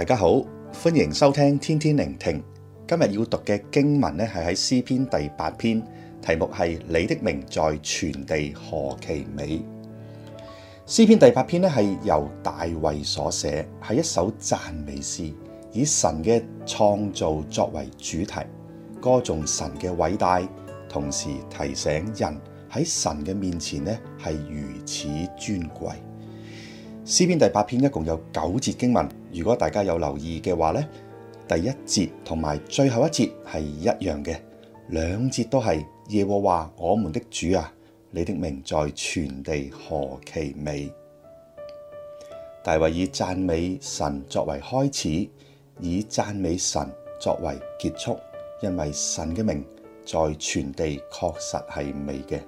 大家好，歡迎收聽天天靈聽。今日要讀嘅經文呢，係喺詩篇第八篇，題目係你的名在全地何其美。詩篇第八篇呢係由大衛所寫，係一首讚美詩，以神嘅創造作為主題，歌頌神嘅偉大，同時提醒人喺神嘅面前呢係如此尊貴。詩篇第八篇一共有九節經文，如果大家有留意嘅話呢，第一節同埋最後一節係一樣嘅，兩節都係耶和華我們的主啊，你的名在全地何其美！大衛以讚美神作為開始，以讚美神作為結束，因為神嘅名在全地確實係美嘅。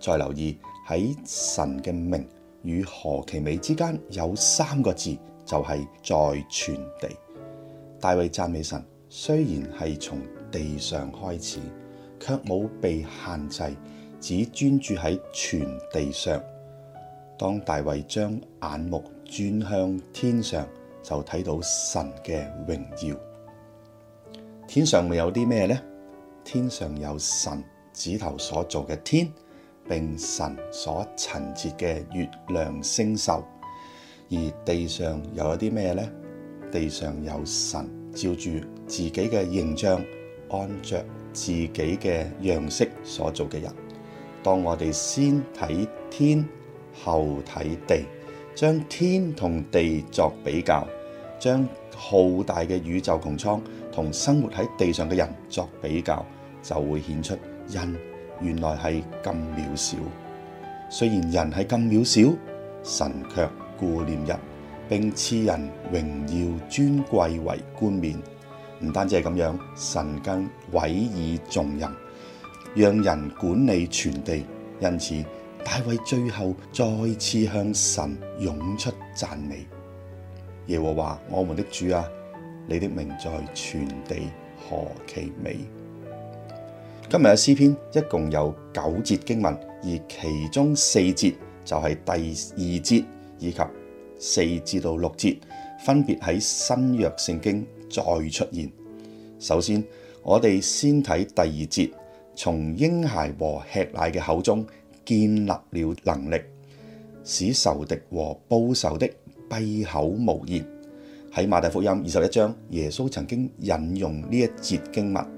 再留意喺神嘅名。與何其美之間有三個字，就係、是、在全地。大衛讚美神，雖然係從地上開始，卻冇被限制，只專注喺全地上。當大衛將眼目轉向天上，就睇到神嘅榮耀。天上未有啲咩呢？天上有神指頭所造嘅天，並神所陳設嘅月亮星宿，而地上又有啲咩呢？地上有神照住自己嘅形象，按着自己嘅樣式所做嘅人。當我哋先睇天，後睇地，將天同地作比較，將浩大嘅宇宙穹蒼同生活喺地上嘅人作比較，就會顯出人。原來係咁渺小，雖然人係咁渺小，神卻顧念人，並賜人榮耀尊貴為冠冕。唔單止係咁樣，神更委以重任，讓人管理全地。因此，大衛最後再次向神湧出讚美：耶和華我們的主啊，你的名在全地何其美！今日嘅詩篇一共有九節經文，而其中四節就係第二節以及四至到六節，分別喺新約聖經再出現。首先，我哋先睇第二節，從嬰孩和吃奶嘅口中建立了能力，使仇敵和報仇的閉口無言。喺馬太福音二十一章，耶穌曾經引用呢一節經文。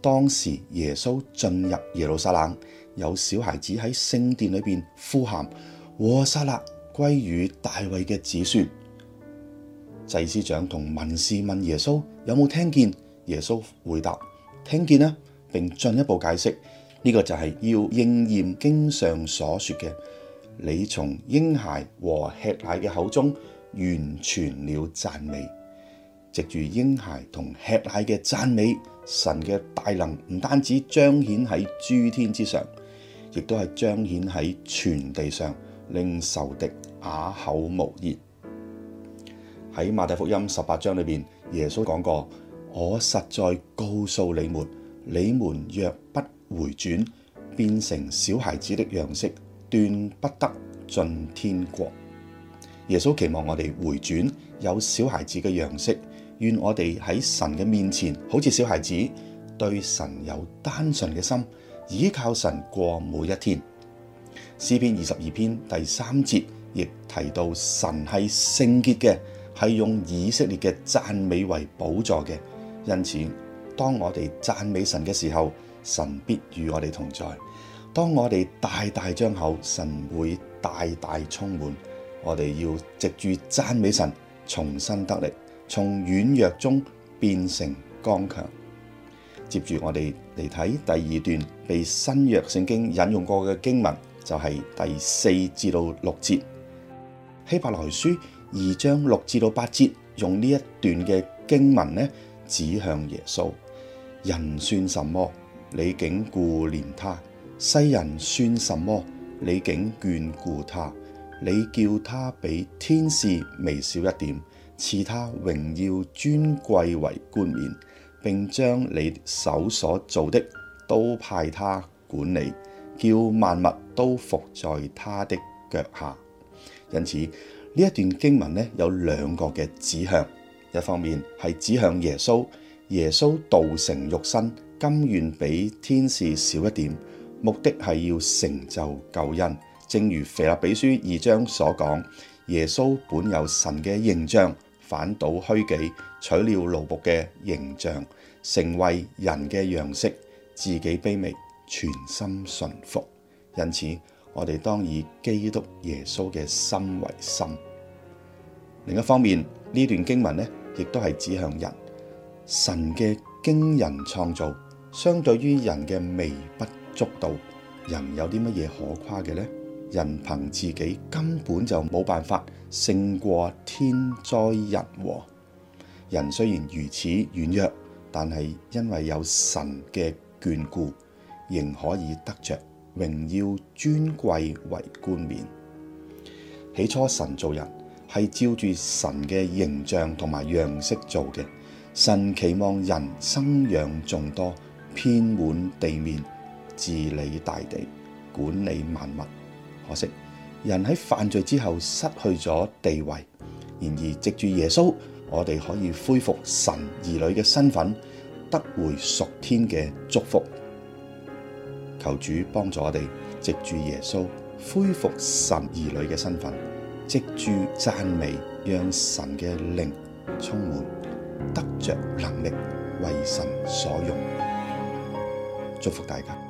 當時耶穌進入耶路撒冷，有小孩子喺聖殿裏邊呼喊：和散那歸於大衛嘅子孫。祭司長同文士問耶穌有冇聽見？耶穌回答：聽見啦，並進一步解釋呢、這個就係要應驗經上所說嘅：你從嬰孩和吃奶嘅口中，完全了讚美。藉住嬰孩同吃奶嘅讚美，神嘅大能唔單止彰顯喺諸天之上，亦都係彰顯喺全地上，令仇敵啞口無言。喺馬太福音十八章裏邊，耶穌講過：我實在告訴你們，你們若不回轉，變成小孩子的樣式，斷不得進天國。耶穌期望我哋回轉，有小孩子嘅樣式。願我哋喺神嘅面前，好似小孩子，對神有單純嘅心，倚靠神過每一天。詩篇二十二篇第三節亦提到，神係聖潔嘅，係用以色列嘅讚美為寶座嘅。因此，當我哋讚美神嘅時候，神必與我哋同在；當我哋大大張口，神會大大充滿。我哋要藉住讚美神，重新得力，從軟弱中變成剛強。接住我哋嚟睇第二段被新約聖經引用過嘅經文，就係、是、第四至到六節希伯來書二章六至到八節，用呢一段嘅經文呢指向耶穌。人算什麼，你竟顧念他；世人算什麼，你竟眷顧他。你叫他比天使微小一點，賜他榮耀尊貴為冠冕，並將你手所造的都派他管理，叫萬物都服在他的腳下。因此，呢一段經文呢有兩個嘅指向，一方面係指向耶穌，耶穌道成肉身，甘願比天使小一點，目的係要成就救恩。正如腓立比書二章所講，耶穌本有神嘅形象，反倒虛己，取了奴僕嘅形象，成為人嘅樣式，自己卑微，全心順服。因此，我哋當以基督耶穌嘅心為心。另一方面，呢段經文呢，亦都係指向人。神嘅驚人創造，相對於人嘅微不足道，人有啲乜嘢可誇嘅呢？人憑自己根本就冇辦法勝過天災人禍。人雖然如此軟弱，但係因為有神嘅眷顧，仍可以得着榮耀尊貴為冠冕。起初神造人係照住神嘅形象，同埋樣式做嘅。神期望人生養眾多，遍滿地面，治理大地，管理萬物。可惜，人喺犯罪之後失去咗地位。然而，藉住耶穌，我哋可以恢復神兒女嘅身份，得回屬天嘅祝福。求主幫助我哋，藉住耶穌恢復神兒女嘅身份，藉住讚美，讓神嘅靈充滿，得着能力，為神所用。祝福大家。